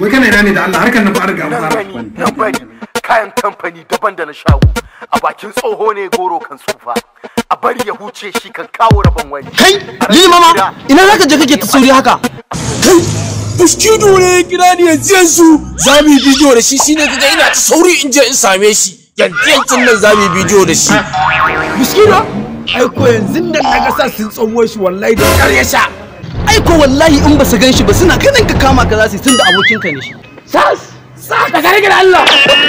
wai kana ina ne da Allah harkar nan ba riga mu fara kayan kamfani daban da na shago a bakin tsoho ne goro kan tsufa a bari ya huce shi kan kawo rabon wani kai lima ma ina zaka je kake sauri haka kai Bushidu ne ya kira yanzu yanzu za mu yi bidiyo da shi shine kaga ina ta sauri in je in same shi yanzu yanzu nan za mu yi bidiyo da shi Bushidu ai ko yanzu nan daga sa sun tsomo shi wallahi da sha. ai wallahi in ba su gan shi ba suna kanin ka kama ka za su yi tun da abokinka ne shi sas sas ka rage da Allah